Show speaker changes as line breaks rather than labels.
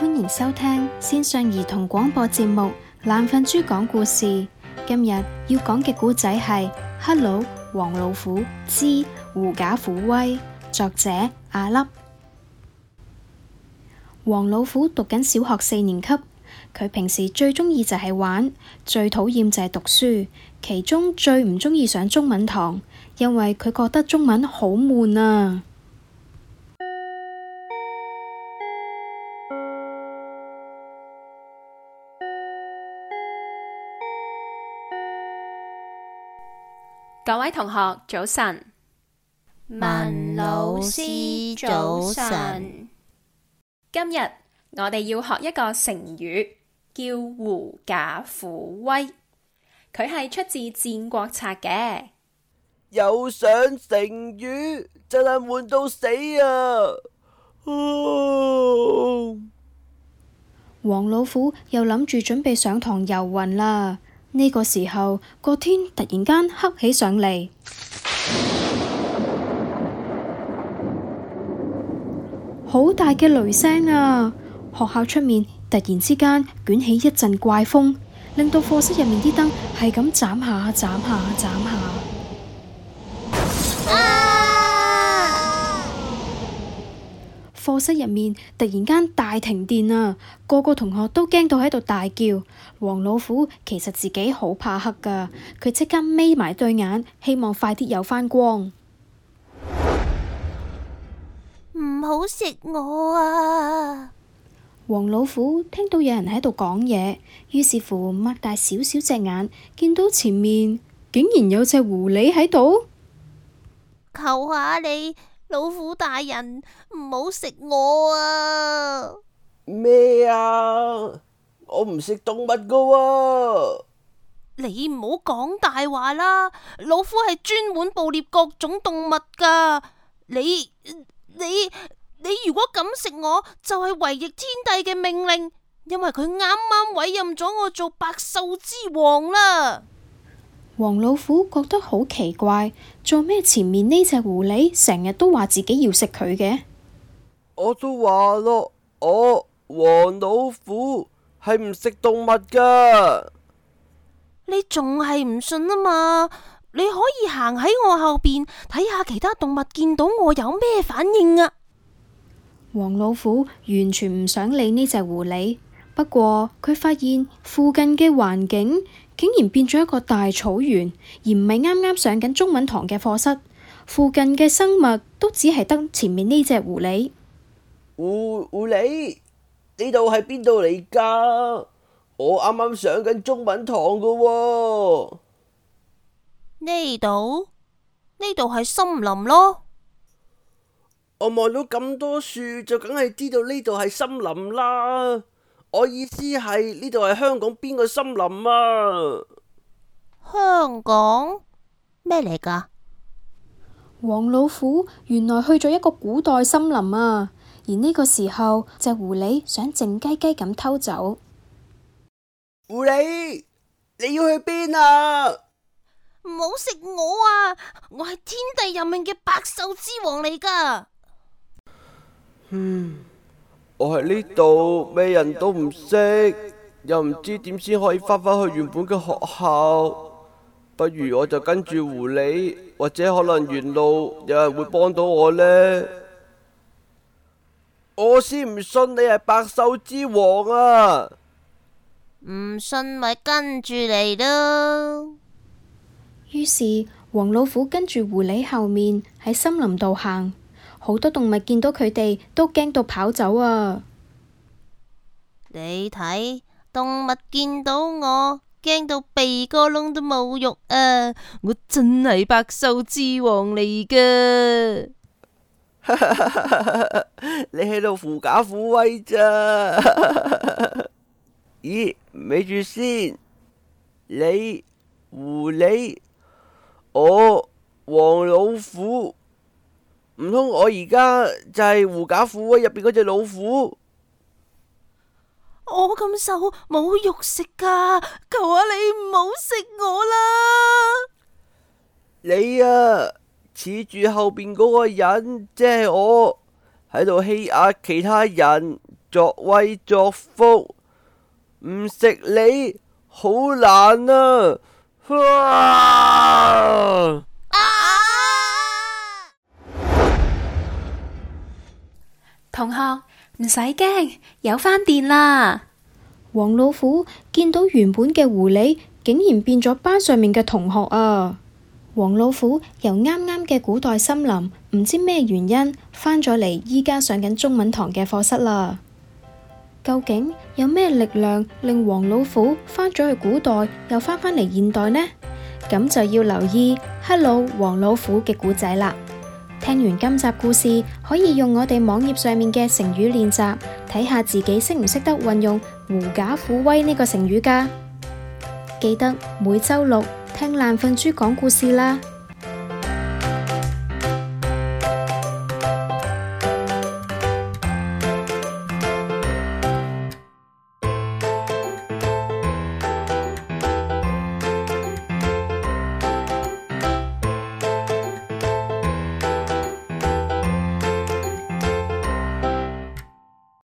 歡迎收聽線上兒童廣播節目《懶瞓豬講故事》。今日要講嘅故仔係《Hello 王老虎之狐假虎威》，作者阿粒。王老虎讀緊小學四年級，佢平時最鍾意就係玩，最討厭就係讀書。其中最唔鍾意上中文堂，因為佢覺得中文好悶啊。
各位同學早晨，文老師早晨。今日我哋要學一個成語，叫狐假虎威。佢係出自戰國策嘅。
有想成語就係悶到死啊！
王、啊、老虎又諗住準備上堂游魂啦。呢個時候，個天突然間黑起上嚟，好大嘅雷聲啊！學校出面突然之間捲起一陣怪風，令到課室入面啲燈係咁眨下、眨下、眨下。課室入面突然間大停電啊！個個同學都驚到喺度大叫。王老虎其實自己好怕黑噶，佢即刻眯埋對眼，希望快啲有返光。唔好食我啊！王老虎聽到有人喺度講嘢，於是乎擘大少少隻眼，見到前面竟然有隻狐狸喺度。
求下你。老虎大人唔好食我啊！咩啊？我唔食動物噶喎。你唔好講大話啦！老虎係專門捕獵各種動物噶。你你你如果敢食我，就係違逆天帝嘅命令，因為佢啱啱委任咗我做百獸
之王啦。王老虎覺得好奇怪，做咩前面呢隻狐狸成日都話自己要食佢嘅？
我都話咯，我王老虎係唔食動物噶。
你仲係唔信啊嘛？你可以行喺我後邊睇下其他動物見到我有咩反應啊！
王老虎完全唔想理呢隻狐狸。不過佢發現附近嘅環境竟然變咗一個大草原，而唔係啱啱上緊中文堂嘅課室。附近嘅生物都只係得前面呢隻狐狸。
狐，狐狸，呢度係邊度嚟噶？我啱啱上緊中文堂噶喎。呢度？呢度係森林咯。我望到咁多樹，就梗係知道呢度係森林啦。我意思係呢度係香港邊個森林啊？
香港咩嚟噶？王老虎原來去咗一個古代森林啊！而呢個時候，隻、就是、狐狸想靜雞雞咁偷走。
狐狸，你要去邊啊？
唔好食我啊！我係天地任命嘅百獸之王嚟噶。嗯。
我喺呢度，咩人都唔識，又唔知點先可以返返去原本嘅學校。不如我就跟住狐狸，或者可能沿路，有人會幫到我呢。我先唔信你係百獸之王啊！唔信咪跟
住你咯。
於是王老虎跟住狐狸後面喺森林度行。好多動物見到佢哋都驚到跑走啊！
你睇動物見到我驚到鼻哥窿都冇肉啊！我真係百獸之王嚟
㗎！ 你喺度狐假虎威咋？咦？咪住先，你狐狸，我王老虎。唔通我而家就係狐假虎威入邊嗰隻老虎？
我咁
瘦，冇肉食噶，求下
你唔好食我啦！
你啊，恃住後邊嗰個人，即係我喺度欺壓其他人，作威作福，唔食你好難啊！啊
同學唔使驚，有返電啦！王老虎見到原本嘅狐狸，竟然變咗班上面嘅同學啊！王老虎由啱啱嘅古代森林，唔知咩原因返咗嚟依家上緊中文堂嘅課室啦！究竟有咩力量令王老虎返咗去古代，又返返嚟現代呢？咁就要留意《Hello 王老虎》嘅古仔啦！聽完今集故事，可以用我哋網頁上面嘅成語練習，睇下自己識唔識得運用狐假虎威呢個成語㗎。記得每周六聽爛瞓豬講故事啦。